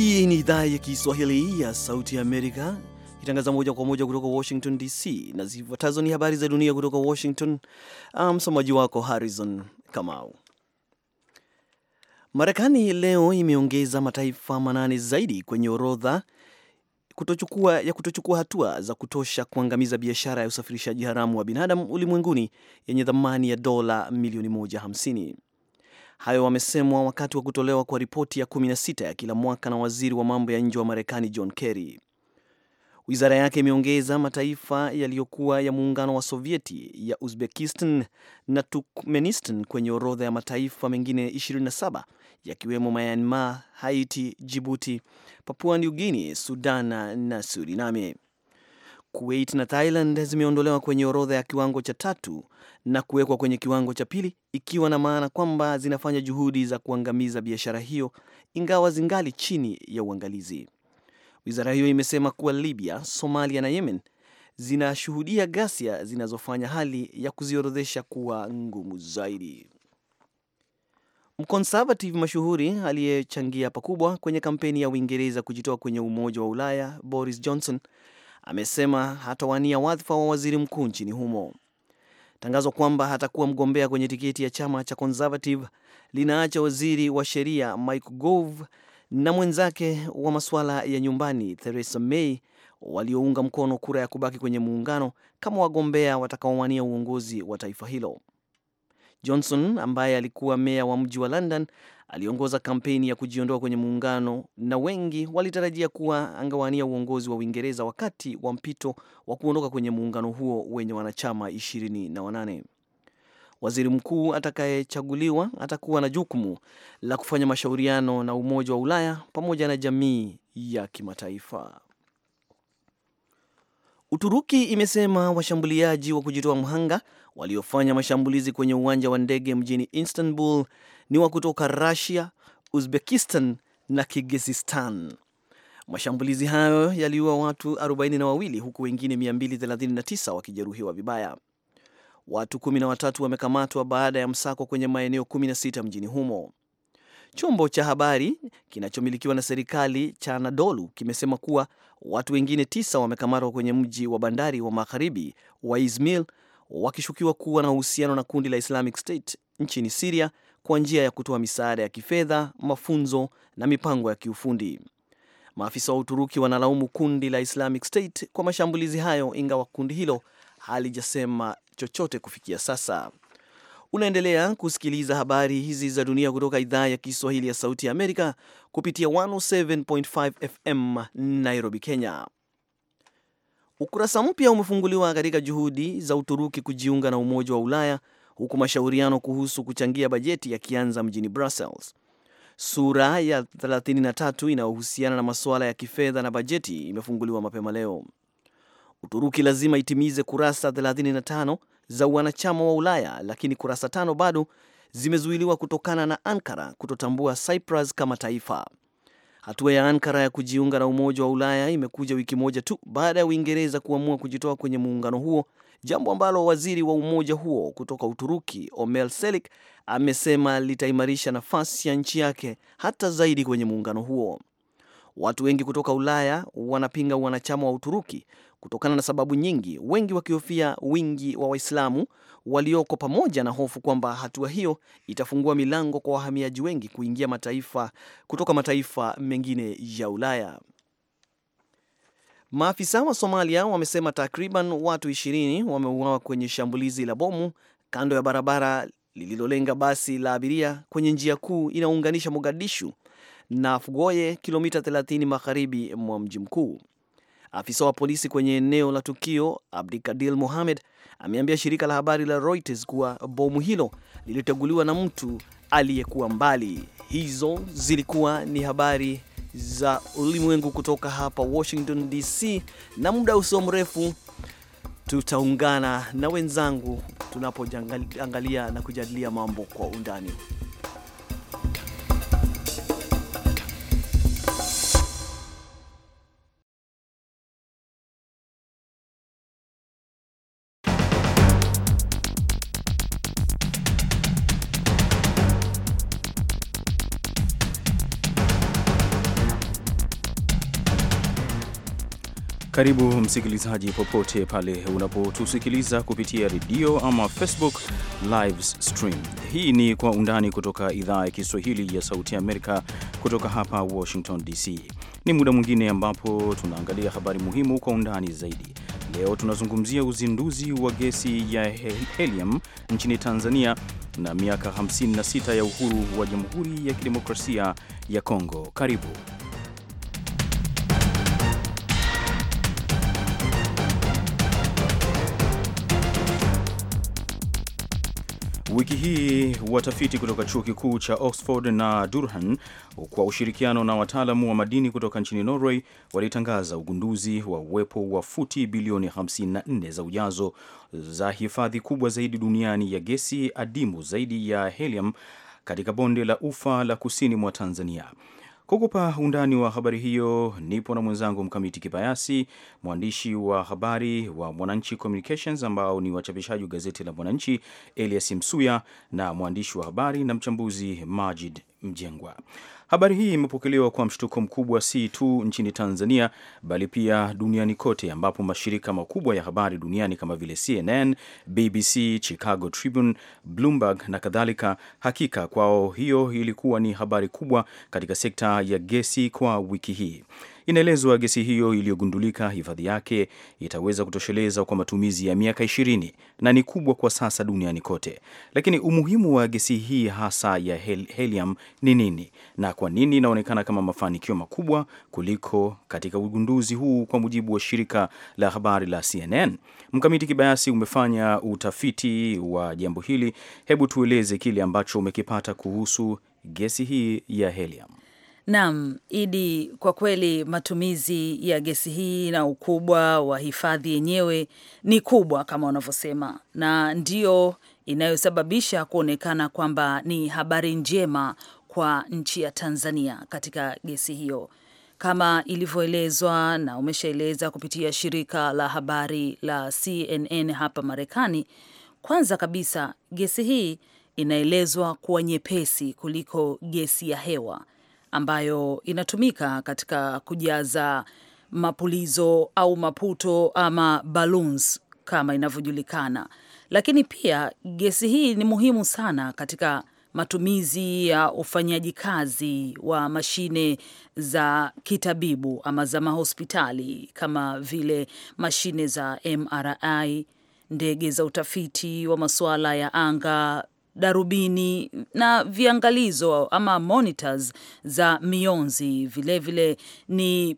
Hii ni idhaa ya Kiswahili ya Sauti ya Amerika ikitangaza moja kwa moja kutoka Washington DC, na zifuatazo ni habari za dunia kutoka Washington. Ah, msomaji um, wako Harrison Kamau. Marekani leo imeongeza mataifa manane zaidi kwenye orodha kutochukua, ya kutochukua hatua za kutosha kuangamiza biashara ya usafirishaji haramu wa binadamu ulimwenguni yenye thamani ya dola milioni 150. Hayo wamesemwa wakati wa kutolewa kwa ripoti ya 16 ya kila mwaka na waziri wa mambo ya nje wa Marekani John Kerry. Wizara yake imeongeza mataifa yaliyokuwa ya muungano wa Sovieti ya Uzbekistan na Turkmenistan kwenye orodha ya mataifa mengine 27 yakiwemo Myanmar, Haiti, Jibuti, Papua New Guinea, Sudan na Suriname. Kuwait na Thailand zimeondolewa kwenye orodha ya kiwango cha tatu na kuwekwa kwenye kiwango cha pili, ikiwa na maana kwamba zinafanya juhudi za kuangamiza biashara hiyo, ingawa zingali chini ya uangalizi. Wizara hiyo imesema kuwa Libya, Somalia na Yemen zinashuhudia ghasia zinazofanya hali ya kuziorodhesha kuwa ngumu zaidi. Mkonservative mashuhuri aliyechangia pakubwa kwenye kampeni ya Uingereza kujitoa kwenye Umoja wa Ulaya, Boris Johnson amesema hatawania wadhifa wa waziri mkuu nchini humo. Tangazo kwamba hatakuwa mgombea kwenye tiketi ya chama cha Conservative linaacha waziri wa sheria Mike Gove na mwenzake wa masuala ya nyumbani Theresa May waliounga mkono kura ya kubaki kwenye muungano kama wagombea watakaowania uongozi wa taifa hilo. Johnson ambaye alikuwa meya wa mji wa London aliongoza kampeni ya kujiondoa kwenye muungano na wengi walitarajia kuwa angewania uongozi wa Uingereza wakati wa mpito wa kuondoka kwenye muungano huo wenye wanachama ishirini na wanane. Waziri mkuu atakayechaguliwa atakuwa na jukumu la kufanya mashauriano na Umoja wa Ulaya pamoja na jamii ya kimataifa. Uturuki imesema washambuliaji wa kujitoa mhanga waliofanya mashambulizi kwenye uwanja wa ndege mjini Istanbul ni wa kutoka Russia, Uzbekistan na Kirgizistan. Mashambulizi hayo yaliua watu 42 huku wengine 239 wakijeruhiwa vibaya. Watu 13 wamekamatwa baada ya msako kwenye maeneo 16 mjini humo. Chombo cha habari kinachomilikiwa na serikali cha Anadolu kimesema kuwa watu wengine tisa wamekamatwa kwenye mji wa bandari wa magharibi wa Izmir wakishukiwa kuwa na uhusiano na kundi la Islamic State nchini Siria kwa njia ya kutoa misaada ya kifedha, mafunzo na mipango ya kiufundi. Maafisa wa Uturuki wanalaumu kundi la Islamic State kwa mashambulizi hayo, ingawa kundi hilo halijasema chochote kufikia sasa. Unaendelea kusikiliza habari hizi za dunia kutoka idhaa ya Kiswahili ya Sauti ya Amerika kupitia 107.5 FM Nairobi, Kenya. Ukurasa mpya umefunguliwa katika juhudi za Uturuki kujiunga na Umoja wa Ulaya, huku mashauriano kuhusu kuchangia bajeti yakianza mjini Brussels. Sura ya 33 inayohusiana na masuala ya kifedha na bajeti imefunguliwa mapema leo. Uturuki lazima itimize kurasa 35 za wanachama wa Ulaya, lakini kurasa tano bado zimezuiliwa kutokana na Ankara kutotambua Cyprus kama taifa. Hatua ya Ankara ya kujiunga na Umoja wa Ulaya imekuja wiki moja tu baada ya Uingereza kuamua kujitoa kwenye muungano huo, jambo ambalo waziri wa umoja huo kutoka Uturuki Omel Selik amesema litaimarisha nafasi ya nchi yake hata zaidi kwenye muungano huo. Watu wengi kutoka Ulaya wanapinga wanachama wa Uturuki kutokana na sababu nyingi, wengi wakihofia wingi wa Waislamu walioko pamoja na hofu kwamba hatua hiyo itafungua milango kwa wahamiaji wengi kuingia mataifa kutoka mataifa mengine ya Ulaya. Maafisa wa Somalia wamesema takriban watu ishirini wameuawa kwenye shambulizi la bomu kando ya barabara lililolenga basi la abiria kwenye njia kuu inaunganisha Mogadishu na Fugoye, kilomita 30 magharibi mwa mji mkuu. Afisa wa polisi kwenye eneo la tukio Abdikadil Mohamed ameambia shirika la habari la Reuters kuwa bomu hilo liliteguliwa na mtu aliyekuwa mbali. Hizo zilikuwa ni habari za ulimwengu kutoka hapa Washington DC, na muda usio mrefu tutaungana na wenzangu tunapoangalia na kujadilia mambo kwa undani. Karibu msikilizaji, popote pale unapotusikiliza kupitia redio ama Facebook live stream. Hii ni Kwa Undani kutoka idhaa ya Kiswahili ya Sauti Amerika, kutoka hapa Washington DC. Ni muda mwingine ambapo tunaangalia habari muhimu kwa undani zaidi. Leo tunazungumzia uzinduzi wa gesi ya helium nchini Tanzania na miaka 56 ya uhuru wa Jamhuri ya Kidemokrasia ya Kongo. Karibu. Wiki hii watafiti kutoka chuo kikuu cha Oxford na Durham kwa ushirikiano na wataalamu wa madini kutoka nchini Norway walitangaza ugunduzi wa uwepo wa futi bilioni 54 za ujazo za hifadhi kubwa zaidi duniani ya gesi adimu zaidi ya helium katika bonde la ufa la kusini mwa Tanzania. Kukupa undani wa habari hiyo nipo na mwenzangu Mkamiti Kibayasi, mwandishi wa habari wa Mwananchi Communications ambao ni wachapishaji wa gazeti la Mwananchi, Elias Msuya, na mwandishi wa habari na mchambuzi Majid Mjengwa. Habari hii imepokelewa kwa mshtuko mkubwa, si tu nchini Tanzania bali pia duniani kote, ambapo mashirika makubwa ya habari duniani kama vile CNN, BBC, Chicago Tribune, Bloomberg na kadhalika. Hakika kwao hiyo ilikuwa ni habari kubwa katika sekta ya gesi kwa wiki hii. Inaelezwa gesi hiyo iliyogundulika hifadhi yake itaweza kutosheleza kwa matumizi ya miaka ishirini na ni kubwa kwa sasa duniani kote. Lakini umuhimu wa gesi hii hasa ya helium ni nini na kwa nini inaonekana kama mafanikio makubwa kuliko katika ugunduzi huu? Kwa mujibu wa shirika la habari la CNN, Mkamiti Kibayasi umefanya utafiti wa jambo hili. Hebu tueleze kile ambacho umekipata kuhusu gesi hii ya helium. Naam, Idi, kwa kweli matumizi ya gesi hii na ukubwa wa hifadhi yenyewe ni kubwa kama unavyosema, na ndiyo inayosababisha kuonekana kwamba ni habari njema kwa nchi ya Tanzania katika gesi hiyo kama ilivyoelezwa na umeshaeleza kupitia shirika la habari la CNN hapa Marekani. Kwanza kabisa, gesi hii inaelezwa kuwa nyepesi kuliko gesi ya hewa ambayo inatumika katika kujaza mapulizo au maputo ama balloons kama inavyojulikana. Lakini pia gesi hii ni muhimu sana katika matumizi ya ufanyaji kazi wa mashine za kitabibu ama za mahospitali kama vile mashine za MRI, ndege za utafiti wa masuala ya anga, darubini na viangalizo ama monitors za mionzi. Vilevile vile ni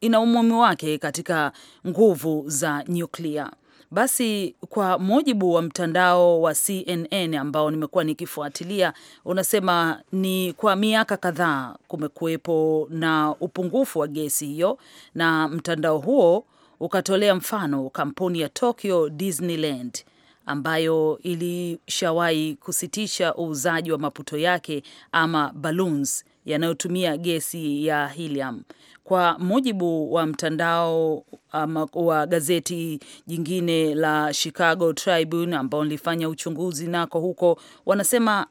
ina umuhimu wake katika nguvu za nyuklia. Basi kwa mujibu wa mtandao wa CNN ambao nimekuwa nikifuatilia, unasema ni kwa miaka kadhaa kumekuwepo na upungufu wa gesi hiyo, na mtandao huo ukatolea mfano kampuni ya Tokyo Disneyland ambayo ilishawahi kusitisha uuzaji wa maputo yake ama balloons yanayotumia gesi ya helium. Kwa mujibu wa mtandao ama wa gazeti jingine la Chicago Tribune ambao nilifanya uchunguzi nako huko, wanasema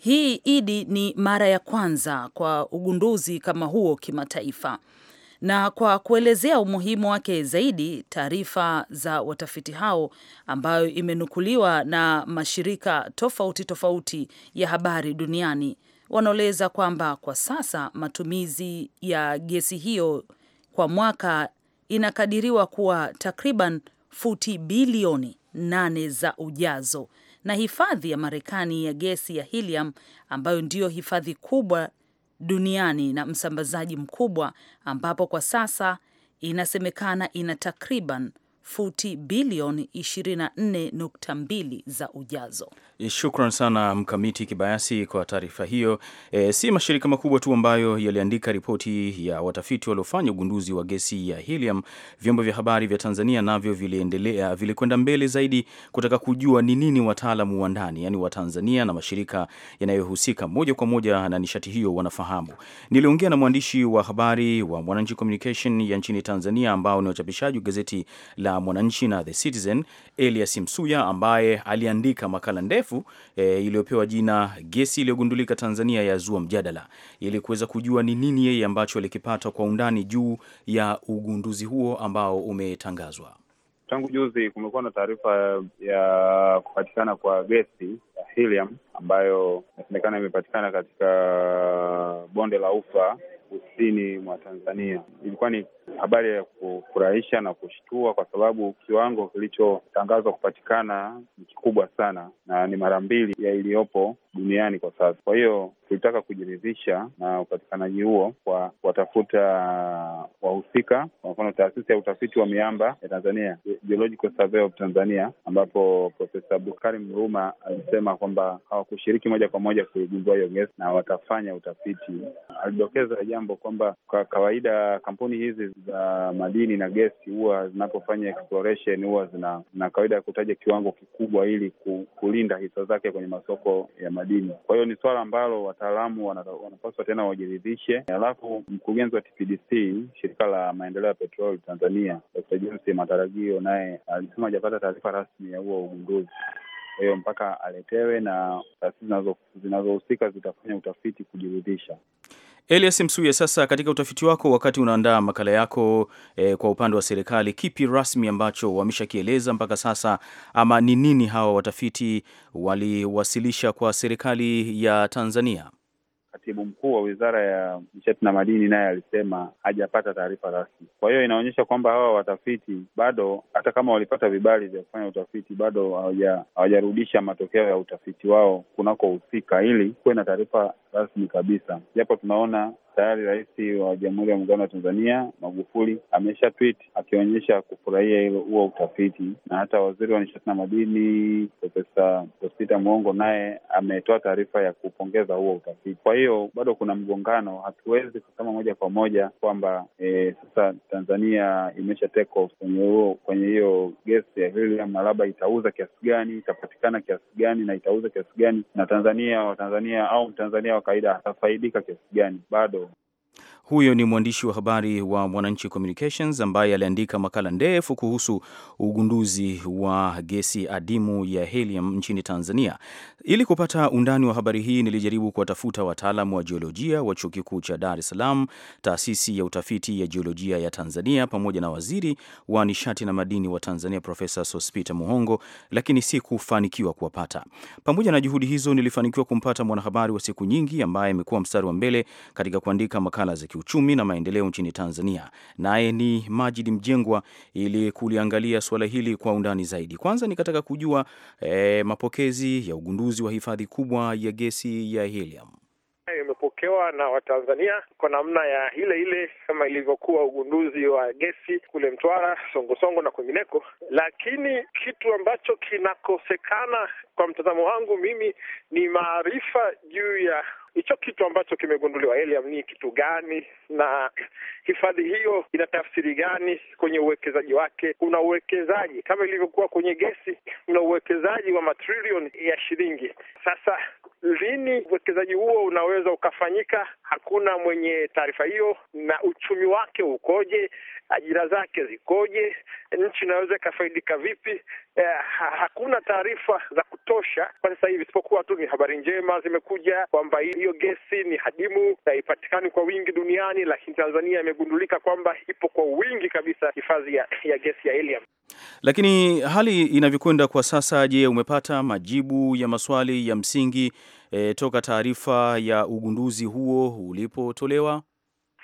hii idi ni mara ya kwanza kwa ugunduzi kama huo kimataifa. Na kwa kuelezea umuhimu wake zaidi, taarifa za watafiti hao ambayo imenukuliwa na mashirika tofauti tofauti ya habari duniani wanaeleza kwamba kwa sasa matumizi ya gesi hiyo kwa mwaka inakadiriwa kuwa takriban futi bilioni nane za ujazo na hifadhi ya Marekani ya gesi ya helium ambayo ndiyo hifadhi kubwa duniani na msambazaji mkubwa, ambapo kwa sasa inasemekana ina takriban futi bilioni 24.2 za ujazo. Shukran sana Mkamiti Kibayasi kwa taarifa hiyo. E, si mashirika makubwa tu ambayo yaliandika ripoti ya watafiti waliofanya ugunduzi wa gesi ya helium. Vyombo vya habari vya Tanzania navyo viliendelea, vilikwenda mbele zaidi kutaka kujua ni nini wataalamu wa ndani, yani Watanzania na mashirika yanayohusika moja kwa moja na nishati hiyo wanafahamu. Niliongea na mwandishi wa habari wa Mwananchi Communication ya nchini Tanzania ambao ni wachapishaji gazeti la Mwananchi na The Citizen, Elias Msuya ambaye aliandika makala ndefu e, iliyopewa jina gesi iliyogundulika Tanzania ya zua mjadala, ili kuweza kujua ni nini yeye ambacho alikipata kwa undani juu ya ugunduzi huo ambao umetangazwa tangu juzi. Kumekuwa na taarifa eh, ya kupatikana kwa gesi ya helium ambayo inasemekana imepatikana katika eh, bonde la ufa kusini mwa Tanzania. Ilikuwa ni habari ya kufurahisha na kushtua, kwa sababu kiwango kilichotangazwa kupatikana ni kikubwa sana na ni mara mbili ya iliyopo duniani kwa sasa. Kwa hiyo tulitaka kujiridhisha na upatikanaji huo kwa kuwatafuta uh, wahusika, kwa mfano taasisi ya utafiti wa miamba ya Tanzania, Geological Survey of Tanzania, ambapo Profesa Abdulkarim ruma alisema kwamba hawakushiriki moja kwa moja kuigundua hiyo gesi na watafanya utafiti. Alidokeza jambo kwamba kwa kawaida kampuni hizi za madini na gesi huwa zinapofanya exploration huwa zina, zina kawaida ya kutaja kiwango kikubwa ili kulinda hisa zake kwenye masoko ya madini. Kwa hiyo ni swala ambalo wataalamu wanapaswa tena wajiridhishe. Alafu mkurugenzi wa TPDC, shirika la maendeleo ya petroli Tanzania, Dkt. James Matarajio, naye alisema hajapata taarifa rasmi ya huo ugunduzi kwa hiyo mpaka aletewe na taasisi zinazohusika zitafanya utafiti kujiridhisha. Elias Msuya, sasa katika utafiti wako, wakati unaandaa makala yako e, kwa upande wa serikali, kipi rasmi ambacho wameshakieleza mpaka sasa, ama ni nini hawa watafiti waliwasilisha kwa serikali ya Tanzania? katibu mkuu wa wizara ya nishati na madini naye alisema hajapata taarifa rasmi. Kwa hiyo inaonyesha kwamba hawa watafiti bado, hata kama walipata vibali vya kufanya utafiti, bado hawajarudisha matokeo ya utafiti wao kunakohusika, ili kuwe na taarifa rasmi kabisa, japo tunaona tayari Rais wa Jamhuri ya Muungano wa Tanzania Magufuli amesha tweet akionyesha kufurahia huo utafiti, na hata waziri wa nishati na madini Profesa Sosita Mwongo naye ametoa taarifa ya kupongeza huo utafiti. Kwa hiyo bado kuna mgongano, hatuwezi kusema moja kwa moja kwamba e, sasa Tanzania imesha take off kwenye huo kwenye hiyo gesi ya helium, na labda itauza kiasi gani, itapatikana kiasi gani, na itauza kiasi gani, na Tanzania Watanzania au Mtanzania wa kawaida atafaidika kiasi gani, bado huyo ni mwandishi wa habari wa Mwananchi Communications ambaye aliandika makala ndefu kuhusu ugunduzi wa gesi adimu ya helium nchini Tanzania. Ili kupata undani wa habari hii, nilijaribu kuwatafuta wataalamu wa jiolojia wa Chuo Kikuu cha Dar es Salaam, Taasisi ya Utafiti ya Jiolojia ya Tanzania, pamoja na Waziri wa Nishati na Madini wa Tanzania Profesa Sospeter Muhongo, lakini sikufanikiwa kuwapata. Pamoja na juhudi hizo, nilifanikiwa kumpata mwanahabari wa siku nyingi ambaye amekuwa mstari wa mbele katika kuandika makala za kiuchumi na maendeleo nchini Tanzania, naye ni Majid Mjengwa, ili kuliangalia suala hili kwa undani zaidi. Kwanza nikataka kujua e, mapokezi ya ugunduzi wa hifadhi kubwa ya gesi ya helium imepokewa na Watanzania kwa namna ya ile ile kama ilivyokuwa ugunduzi wa gesi kule Mtwara, Songosongo na kwingineko. Lakini kitu ambacho kinakosekana kwa mtazamo wangu mimi ni maarifa juu ya hicho kitu ambacho kimegunduliwa Eliam ni kitu gani, na hifadhi hiyo ina tafsiri gani kwenye uwekezaji wake? Kuna uwekezaji kama ilivyokuwa kwenye gesi, kuna uwekezaji wa matrilioni ya shilingi. Sasa lini uwekezaji huo unaweza ukafanyika? Hakuna mwenye taarifa hiyo. Na uchumi wake ukoje? Ajira zake zikoje? Nchi inaweza ikafaidika vipi? eh, hakuna taarifa za kutosha kwa sasa hivi, isipokuwa tu ni habari njema zimekuja kwamba hiyo gesi ni hadimu na haipatikani kwa wingi duniani, lakini Tanzania imegundulika kwamba ipo kwa wingi kabisa hifadhi ya, ya gesi ya helium. Lakini hali inavyokwenda kwa sasa, je, umepata majibu ya maswali ya msingi eh, toka taarifa ya ugunduzi huo ulipotolewa?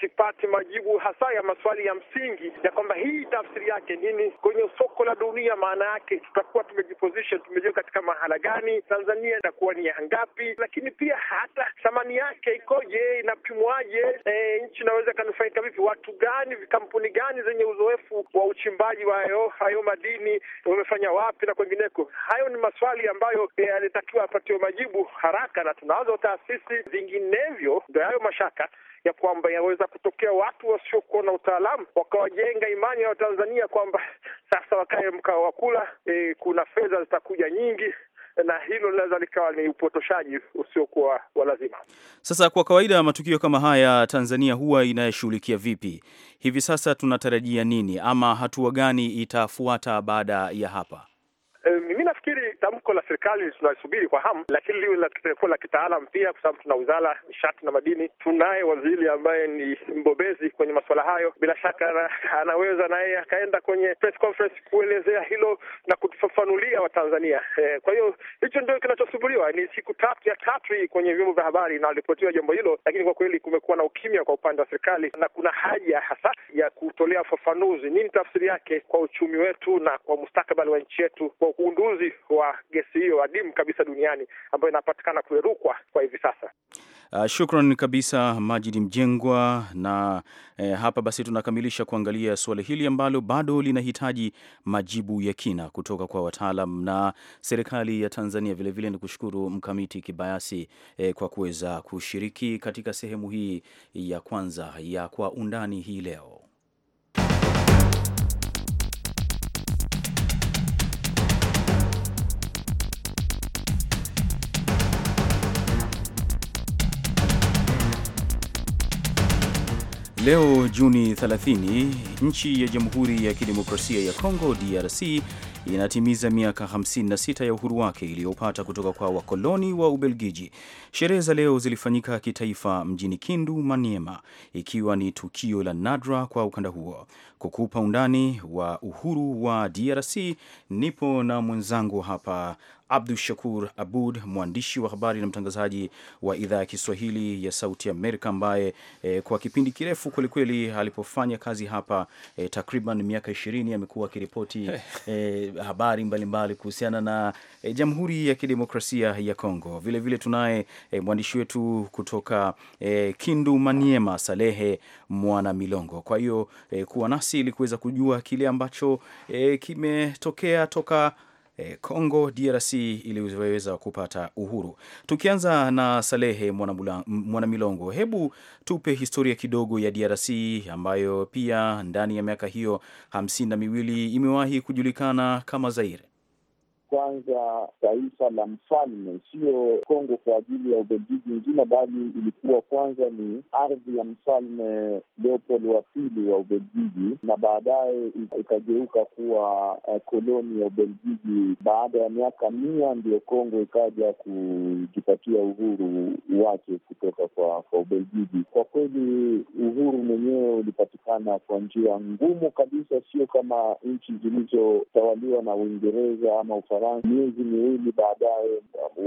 sipati majibu hasa ya maswali ya msingi ya kwamba hii tafsiri yake nini kwenye soko la dunia. Maana yake tutakuwa tumejiposition, tumejua katika mahala gani Tanzania itakuwa ni ya ngapi, lakini pia hata thamani yake ikoje, inapimwaje, e, nchi inaweza ikanufaika vipi, watu gani, kampuni gani zenye uzoefu wa uchimbaji wa hayo, madini wamefanya wapi na kwengineko. Hayo ni maswali ambayo yalitakiwa eh, e, apatiwe majibu haraka, na tunazo taasisi zinginevyo, ndo hayo mashaka ya kwamba inaweza kutokea watu wasiokuwa na utaalamu wakawajenga imani ya Watanzania kwamba sasa wakae mkao wa kula, e, kuna fedha zitakuja nyingi na hilo linaweza likawa ni upotoshaji usiokuwa wa lazima. Sasa, kwa kawaida matukio kama haya Tanzania huwa inayeshughulikia vipi? Hivi sasa tunatarajia nini ama hatua gani itafuata baada ya hapa? Mimi eh, nafikiri tamko la serikali tunasubiri kwa hamu, lakini liwe litakuwa la kitaalam pia, kwa sababu tuna wizara nishati na madini, tunaye waziri ambaye ni mbobezi kwenye masuala hayo. Bila shaka anaweza naye akaenda kwenye press conference kuelezea hilo na kutufafanulia Watanzania. Eh, kwa hiyo hicho ndio kinachosubiriwa. Ni siku tatu ya tatu hii kwenye vyombo vya habari inaripotiwa jambo hilo, lakini kwa kweli kumekuwa na ukimya kwa upande wa serikali, na kuna haja hasa ya kutolea ufafanuzi, nini tafsiri yake kwa uchumi wetu na kwa mustakabali wa nchi yetu kwa ugunduzi wa gesi hiyo adimu kabisa duniani ambayo inapatikana kule Rukwa kwa hivi sasa. Uh, shukran kabisa Majidi Mjengwa na eh, hapa basi tunakamilisha kuangalia suala hili ambalo bado linahitaji majibu ya kina kutoka kwa wataalam na serikali ya Tanzania. Vilevile ni kushukuru Mkamiti Kibayasi eh, kwa kuweza kushiriki katika sehemu hii ya kwanza ya Kwa Undani hii leo. Leo Juni 30, nchi ya Jamhuri ya Kidemokrasia ya Kongo DRC inatimiza miaka 56 ya uhuru wake iliyopata kutoka kwa wakoloni wa Ubelgiji. Sherehe za leo zilifanyika kitaifa mjini Kindu, Maniema, ikiwa ni tukio la nadra kwa ukanda huo. Kukupa undani wa uhuru wa DRC nipo na mwenzangu hapa Abdu Shakur Abud, mwandishi wa habari na mtangazaji wa idhaa ya Kiswahili ya Sauti Amerika, ambaye e, kwa kipindi kirefu kwelikweli alipofanya kazi hapa e, takriban miaka ishirini amekuwa akiripoti e, habari mbalimbali kuhusiana na e, Jamhuri ya Kidemokrasia ya Kongo. Vilevile tunaye e, mwandishi wetu kutoka e, Kindu Maniema, Salehe Mwana Milongo. Kwa hiyo e, kuwa nasi ili kuweza kujua kile ambacho e, kimetokea toka Eh, Congo DRC iliweza kupata uhuru. Tukianza na Salehe Mwanamilongo, hebu tupe historia kidogo ya DRC ambayo pia ndani ya miaka hiyo hamsini na miwili imewahi kujulikana kama Zaire kwanza taifa la mfalme, sio Kongo kwa ajili ya Ubelgiji nzima, bali ilikuwa kwanza ni ardhi ya mfalme Leopold wa pili wa Ubelgiji, na baadaye ikageuka kuwa uh, koloni ya Ubelgiji. Baada ya miaka mia ndiyo Kongo ikaja kujipatia uhuru wake kutoka kwa, kwa Ubelgiji. Kwa kweli uhuru mwenyewe ulipatikana kwa njia ngumu kabisa, sio kama nchi zilizotawaliwa na Uingereza ama Ufaransa Iran. Miezi miwili baadaye,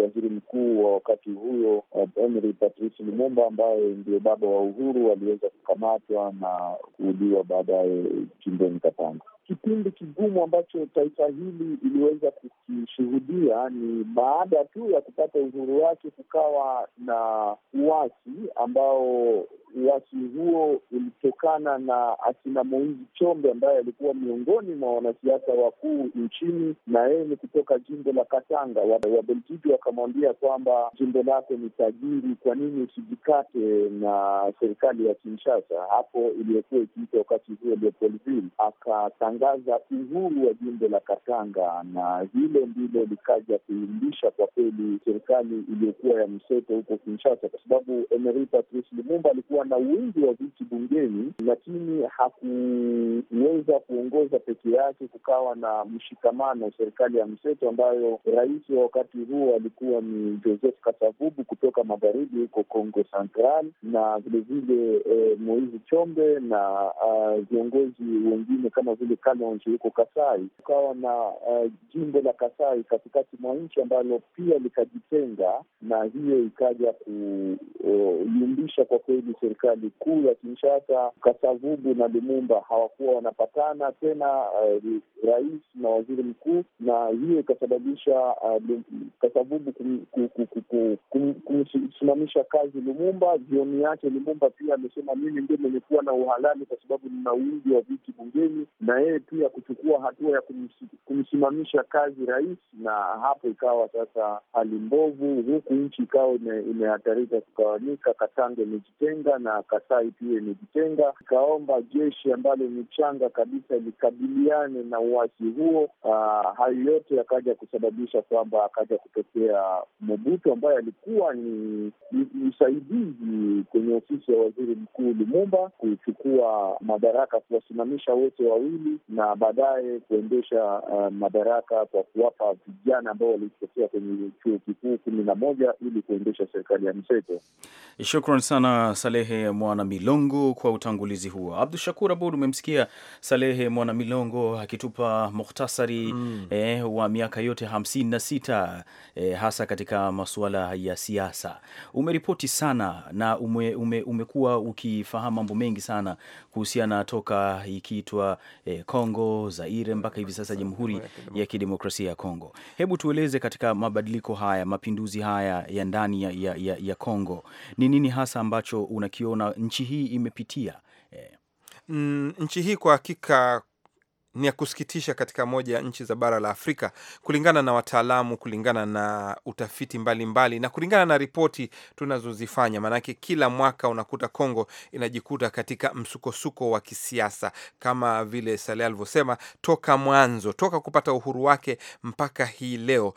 waziri mkuu wa wakati huyo Emery Patrice Lumumba, ambaye ndio baba wa uhuru, aliweza kukamatwa na kuuliwa baadaye kimbeni Katanga. Kipindi kigumu ambacho taifa hili iliweza kukishuhudia ni baada tu ya kupata uhuru wake, kukawa na uasi ambao uasi huo ulitokana na akina Moizi Chombe ambaye alikuwa miongoni mwa wanasiasa wakuu nchini, na yeye ni kutoka jimbo la Katanga. Wabeljiji wakamwambia kwamba jimbo lako ni tajiri, kwa nini usijikate na serikali ya Kinshasa hapo iliyokuwa ikiitwa wakati huo Leopoldville. Akatangaza uhuru wa jimbo la Katanga, na hilo ndilo likaja kuimbisha kwa kweli serikali iliyokuwa ya mseto huko Kinshasa, kwa sababu Emery Patrice Lumumba alikuwa alikuwa na wingi wa viti bungeni, lakini hakuweza kuongoza peke yake. Kukawa na mshikamano, serikali ya mseto ambayo rais wa wakati huo alikuwa ni Joseph Kasavubu kutoka magharibi huko congo Central, na vilevile e, eh, Moizi Chombe na ah, viongozi wengine kama vile Kalonji huko Kasai. Kukawa na a, ah, jimbo la Kasai katikati mwa nchi ambalo pia likajitenga, na hiyo ikaja kuyumbisha oh, kwa kweli serikali kuu ya Kinshasa, Kasavubu na Lumumba hawakuwa wanapatana tena, uh, rais na waziri mkuu, na hiyo ikasababisha eh, uh, Kasavubu kumsimamisha kazi Lumumba. Jioni yake Lumumba pia amesema mimi ndio nimekuwa na uhalali kwa sababu nina wingi wa viti bungeni, na yeye pia kuchukua hatua ya kumsimamisha kazi rais, na hapo ikawa sasa hali mbovu, huku nchi ikawa imehatarika kugawanyika. Katange imejitenga na Kasai pia imejitenga, ikaomba jeshi ambalo ni changa kabisa likabiliane na uasi huo. Ah, hayo yote yakaja kusababisha kwamba akaja kutokea Mobutu ambaye alikuwa ni msaidizi kwenye ofisi ya waziri mkuu Lumumba kuchukua madaraka, kuwasimamisha wote wawili na baadaye kuendesha uh, madaraka kwa kuwapa vijana ambao walitokea kwenye chuo kikuu kumi na moja ili kuendesha serikali ya mseto. Shukran sana Saleh Salehe Mwana Milongo kwa utangulizi huo. Abdu Shakur Abud, umemsikia Salehe Mwana Milongo akitupa muhtasari mm. eh, wa miaka yote hamsini na sita eh, hasa katika masuala ya siasa. Umeripoti sana na ume, ume, umekuwa ukifahamu mambo mengi sana kuhusiana toka ikiitwa eh, Kongo Zaire mpaka hivi sasa Jamhuri ya Kidemokrasia ya Kongo. Hebu tueleze katika mabadiliko haya, mapinduzi haya ya ndani ya ya, ya, ya, Kongo ni nini hasa ambacho una ukiona nchi hii imepitia eh. Mm, nchi hii kwa hakika ni ya kusikitisha katika moja ya nchi za bara la Afrika kulingana na wataalamu, kulingana na utafiti mbalimbali mbali, na kulingana na ripoti tunazozifanya. Maanake kila mwaka unakuta Kongo inajikuta katika msukosuko wa kisiasa, kama vile Sale alivyosema, toka mwanzo, toka kupata uhuru wake mpaka hii leo.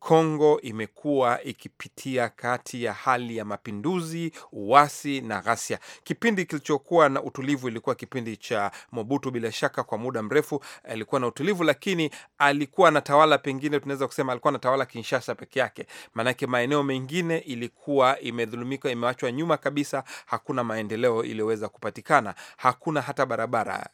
Kongo imekuwa ikipitia kati ya hali ya mapinduzi, uasi na ghasia. Kipindi kilichokuwa na utulivu ilikuwa kipindi cha Mobutu. Bila shaka, kwa muda mrefu alikuwa na utulivu, lakini alikuwa anatawala, pengine tunaweza kusema alikuwa anatawala Kinshasa peke yake, maanake maeneo mengine ilikuwa imedhulumika, imewachwa nyuma kabisa. Hakuna maendeleo iliyoweza kupatikana, hakuna hata barabara.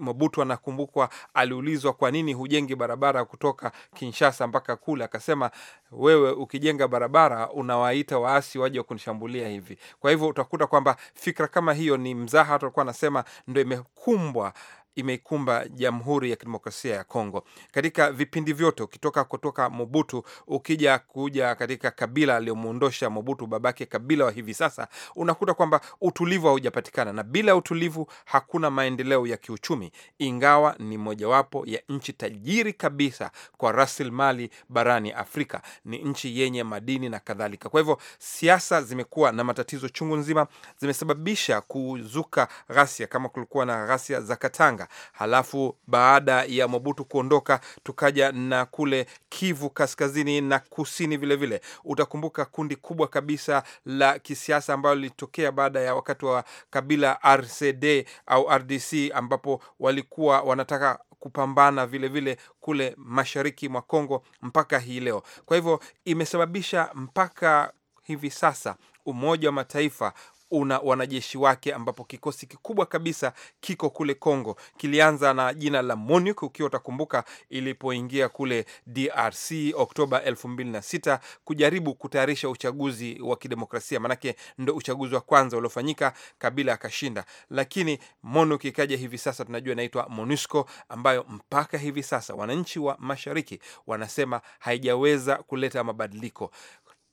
Mobutu anakumbukwa, aliulizwa kwa nini hujengi barabara kutoka Kinshasa mpaka kule, akasema wewe ukijenga barabara unawaita waasi waje wakunishambulia hivi. Kwa hivyo utakuta kwamba fikra kama hiyo ni mzaha, alikuwa anasema ndo imekumbwa imeikumba Jamhuri ya Kidemokrasia ya Kongo katika vipindi vyote, ukitoka kutoka Mobutu ukija kuja katika Kabila aliyomwondosha Mobutu, babake Kabila wa hivi sasa, unakuta kwamba utulivu haujapatikana, na bila utulivu hakuna maendeleo ya kiuchumi, ingawa ni mojawapo ya nchi tajiri kabisa kwa rasilimali barani Afrika, ni nchi yenye madini na kadhalika. Kwa hivyo siasa zimekuwa na matatizo chungu nzima, zimesababisha kuzuka ghasia, kama kulikuwa na ghasia za Katanga halafu baada ya Mobutu kuondoka tukaja na kule Kivu kaskazini na kusini vilevile vile. Utakumbuka kundi kubwa kabisa la kisiasa ambalo lilitokea baada ya wakati wa kabila RCD au RDC ambapo walikuwa wanataka kupambana vilevile vile kule mashariki mwa Kongo mpaka hii leo. Kwa hivyo imesababisha mpaka hivi sasa Umoja wa Mataifa una wanajeshi wake, ambapo kikosi kikubwa kabisa kiko kule congo Kilianza na jina la MONUC ukiwa utakumbuka, ilipoingia kule DRC Oktoba 2006 kujaribu kutayarisha uchaguzi wa kidemokrasia, manake ndo uchaguzi wa kwanza uliofanyika, Kabila akashinda. Lakini MONUC ikaja, hivi sasa tunajua inaitwa MONUSCO, ambayo mpaka hivi sasa wananchi wa mashariki wanasema haijaweza kuleta mabadiliko.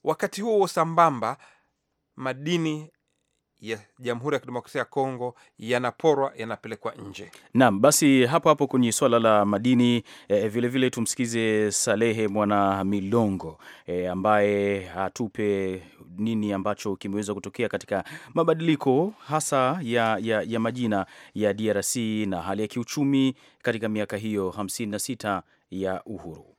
Wakati huo sambamba madini ya Jamhuri ya Kidemokrasia ya Kongo yanaporwa yanapelekwa nje. Naam, basi hapo hapo kwenye swala la madini vilevile, eh, eh, vile tumsikize Salehe Mwana Milongo e, ambaye atupe nini ambacho kimeweza kutokea katika mabadiliko hasa ya, ya, ya majina ya DRC na hali ya kiuchumi katika miaka hiyo 56 ya uhuru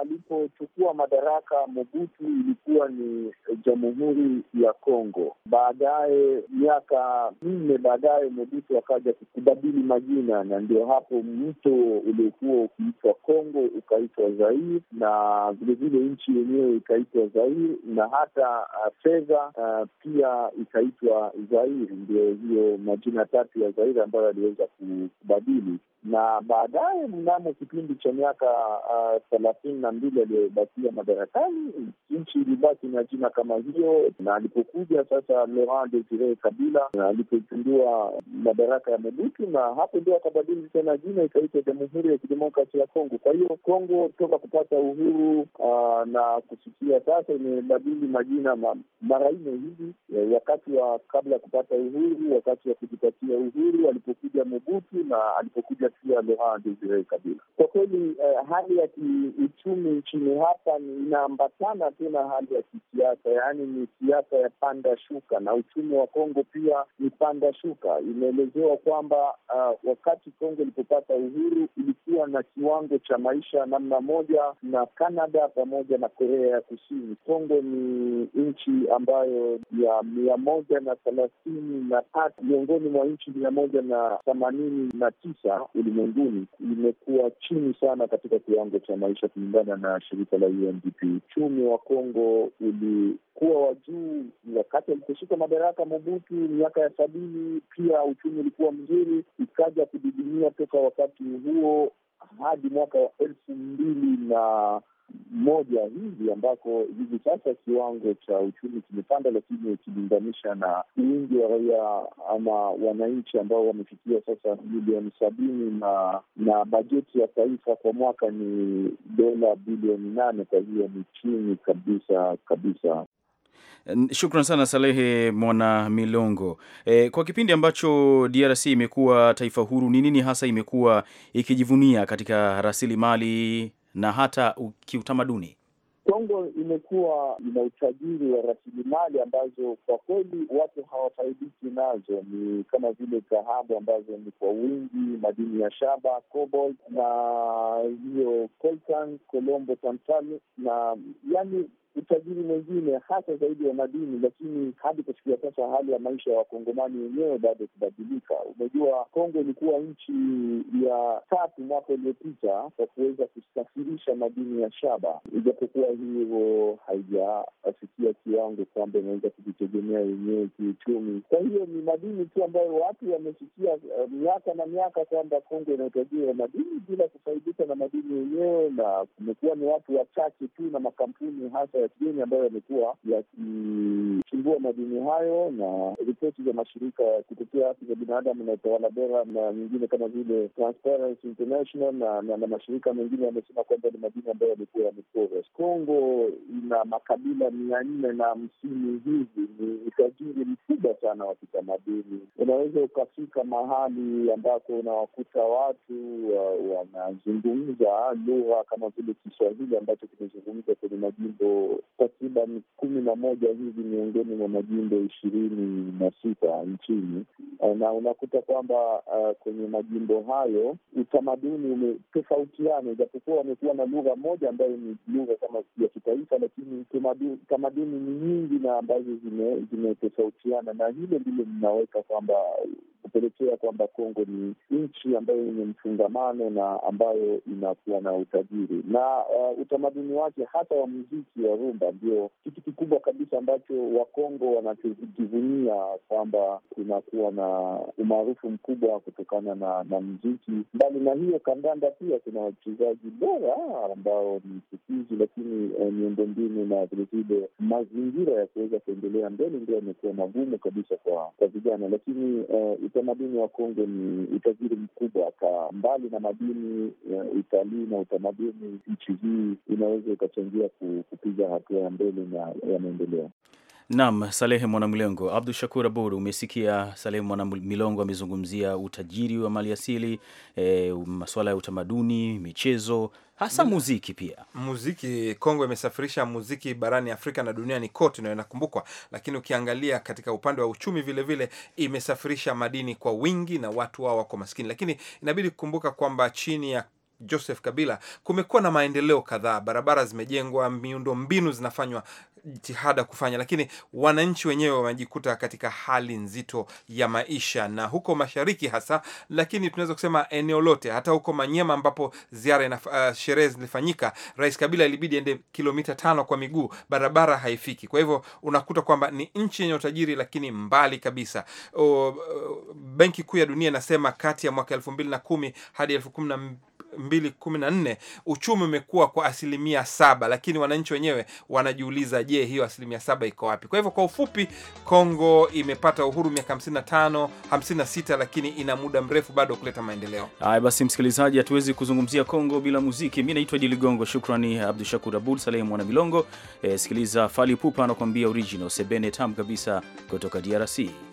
alipochukua madaraka Mobutu ilikuwa ni eh, jamhuri ya Kongo. Baadaye miaka minne baadaye Mobutu akaja kubadili majina, na ndio hapo mto uliokuwa ukiitwa Kongo ukaitwa Zair, na vilevile nchi yenyewe ikaitwa Zair, na hata eh, fedha uh, pia ikaitwa Zair. Ndio hiyo majina tatu ya Zair ambayo aliweza kubadili na baadaye mnamo kipindi cha miaka uh, thelathini uh, na mbili aliyobakia madarakani, nchi ilibaki na jina kama hiyo, na alipokuja sasa Laurent Desire Kabila alipopindua madaraka ya Mobutu, na hapo ndio akabadili tena jina ikaitwa Jamhuri ya Kidemokrasia ya Kongo. Kwa hiyo Kongo toka kupata uhuru uh, na kufikia sasa imebadili majina ma, mara nne hivi eh, wakati wa kabla ya kupata uhuru, wakati wa kujipatia uhuru alipokuja Mobutu na alipokuja ya Laurent Desire Kabila. Kwa kweli eh, hali ya kiuchumi nchini hapa inaambatana tu na hali ya kisiasa, yaani ni siasa ya panda shuka, na uchumi wa Kongo pia ni panda shuka. Imeelezewa kwamba uh, wakati Kongo ilipopata uhuru ilikuwa na kiwango cha maisha namna moja na Canada pamoja na Korea ya Kusini. Kongo ni nchi ambayo ya mia moja na thelathini na tatu miongoni mwa nchi mia moja na themanini na tisa ulimwenguni imekuwa chini sana katika kiwango cha maisha kulingana na shirika la UNDP. Uchumi wa Kongo ulikuwa wa juu wakati aliposhika madaraka Mobutu miaka ya sabini. Pia uchumi ulikuwa mzuri, ikaja kudidimia toka wakati huo hadi mwaka wa elfu mbili na moja hivi ambako hivi sasa kiwango cha uchumi kimepanda, lakini ukilinganisha na wingi wa raia ama wananchi ambao wamefikia sasa milioni sabini na na bajeti ya taifa kwa mwaka ni dola bilioni nane. Kwa hiyo ni chini kabisa kabisa. Shukran sana Salehe Mwana Milongo. E, kwa kipindi ambacho DRC imekuwa taifa huru, ni nini hasa imekuwa ikijivunia katika rasilimali na hata kiutamaduni? Kongo imekuwa ina utajiri wa rasilimali ambazo kwa kweli watu hawafaidiki nazo, ni kama vile dhahabu ambazo ni kwa wingi, madini ya shaba, cobalt na hiyo coltan, kolombo, na yani utajiri mwingine hasa zaidi ya madini, lakini hadi kufikia sasa hali ya maisha ya wakongomani wenyewe bado kubadilika. Umejua, Kongo ilikuwa nchi ya tatu mwaka uliopita kwa kuweza kusafirisha madini ya shaba, ijapokuwa hiyo haijafikia kiwango kwamba inaweza kujitegemea yenyewe kiuchumi. Kwa hiyo ni madini tu ambayo watu wamefikia uh, miaka na miaka kwamba Kongo ina utajiri wa madini bila kufaidika na madini yenyewe, na kumekuwa ni watu wachache tu na makampuni hasa ya kigeni ambayo yamekuwa yakichimbua madini hayo, na ripoti za mashirika ya kutetea haki za binadamu na utawala bora na nyingine kama vile Transparency International na, na, na mashirika mengine yamesema kwamba ni madini ambayo yamekuwa yameporwa. Kongo ina makabila mia nne na hamsini hivi, ni utajiri mkubwa sana wa kitamaduni. Unaweza ukafika mahali ambako unawakuta watu wanazungumza lugha kama vile Kiswahili ambacho kimezungumza kwenye majimbo takriban kumi na moja hivi miongoni mwa majimbo ishirini na sita nchini, eh, na unakuta kwamba uh, kwenye majimbo hayo utamaduni umetofautiana, ijapokuwa wamekuwa na lugha moja ambayo ni lugha kama ya kitaifa, lakini tamaduni ni nyingi na ambazo zimetofautiana, na hilo ndilo linaweka kwamba kupelekea kwamba Kongo ni nchi ambayo yenye mfungamano na ambayo inakuwa na utajiri na uh, utamaduni wake hata wa muziki wa rumba ndio kitu kikubwa kabisa ambacho Wakongo wanachojivunia kwamba kunakuwa na umaarufu mkubwa kutokana na, na muziki. Mbali na hiyo, kandanda pia kuna wachezaji bora ambao ni chikizi, lakini uh, miundo mbinu na vilevile mazingira ya kuweza kuendelea mbele ndio yamekuwa magumu kabisa kwa, kwa vijana lakini uh, utamaduni wa Kongo ni utajiri mkubwa ka mbali na madini, utalii na utamaduni, nchi hii inaweza ikachangia kupiga hatua ya mbele na ya maendeleo. Naam, Salehe Mwanamilongo. Abdu Shakur Abud, umesikia Salehe Mwanamilongo amezungumzia utajiri wa asili e, masuala ya utamaduni, michezo hasa muziki pia. Muziki Kongo imesafirisha muziki barani Afrika na duniani kote, nayo inakumbukwa. Lakini ukiangalia katika upande wa uchumi vilevile vile, imesafirisha madini kwa wingi na watu wao wako maskini, lakini inabidi kukumbuka kwamba chini ya Joseph Kabila, kumekuwa na maendeleo kadhaa, barabara zimejengwa, miundo mbinu zinafanywa jitihada kufanya, lakini wananchi wenyewe wamejikuta katika hali nzito ya maisha, na huko mashariki hasa, lakini tunaweza kusema eneo lote, hata huko Manyema ambapo ziara uh, sherehe zilifanyika, Rais Kabila ilibidi ende kilomita tano kwa miguu, barabara haifiki. Kwa hivyo unakuta kwamba ni nchi yenye utajiri lakini mbali kabisa. Benki Kuu ya Dunia inasema kati ya mwaka elfu mbili na kumi hadi elfu kumi na nne uchumi umekuwa kwa asilimia saba, lakini wananchi wenyewe wanajiuliza, je, hiyo asilimia saba iko wapi? Kwa hivyo kwa ufupi, Kongo imepata uhuru miaka 55 56, lakini ina muda mrefu bado kuleta maendeleo. Haya basi, msikilizaji, hatuwezi kuzungumzia Kongo bila muziki. mi naitwa Idi Ligongo, shukrani Abdushakur Abud Saleh Mwana Milongo. E, sikiliza Fali Pupa anakuambia original Sebene tam kabisa kutoka DRC.